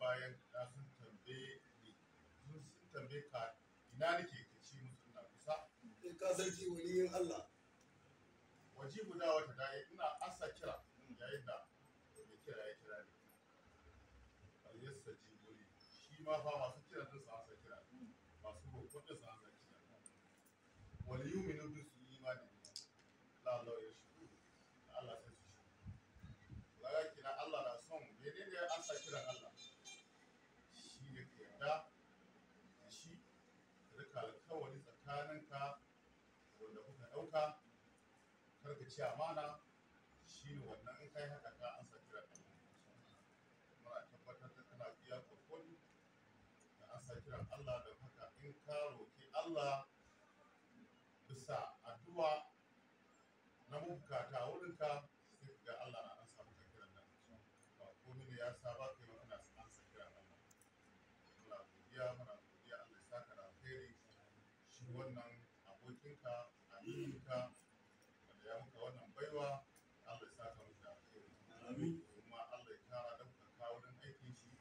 bayan na sun tambaye ni sun tambaye ka ina nake ka ci musu ina kusa kai ka sarki yin Allah waje guda wata da ina asa kira yayin da ya kira ya kira ni ayyasa wani? shi ma fa masu kira din sa asa kira masu roƙon din sa asa kira wal yumin kanka wanda kuka ɗauka karka ci amana shi ne wannan in kai haka ka an sa kira Kuma a tabbatar da kana biya kokoli da an sa kiran Allah da haka in ka roki Allah bisa addu'a na mabukata wurinka sai ga Allah na an sa maka kiran nan ba komai ne ya saba kai wannan an sa kiran Allah godiya wannan abokinka aminka wanda ya muka wannan baiwa Allah ya saka muku da alheri kuma Allah ya kara ɗaukaka wurin aikin shi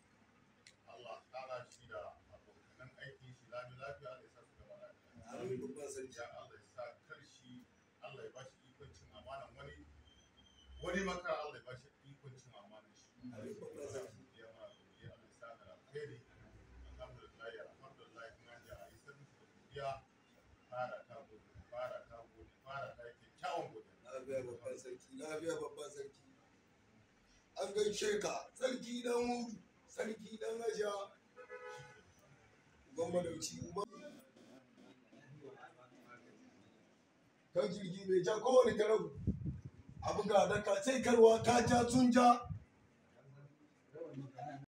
Allah kara shi da abokanan aikin shi lami lafiya Allah ya sa su gaba lafiya ya Allah ya sa karshi Allah ya bashi ikon cin amanan wani wani maka Allah ya bashi ikon cin amanan shi ya mana godiya Allah ya sa da alheri alhamdulillah alhamdulillah kuma ya yi sarrafa godiya lafiya babban sarki an gaishe ka sarki dan hudu sarki dan aja uban madauci uban kan jirgi mai ja kowane karabu abin ga ka sai karwa ka ja sun ja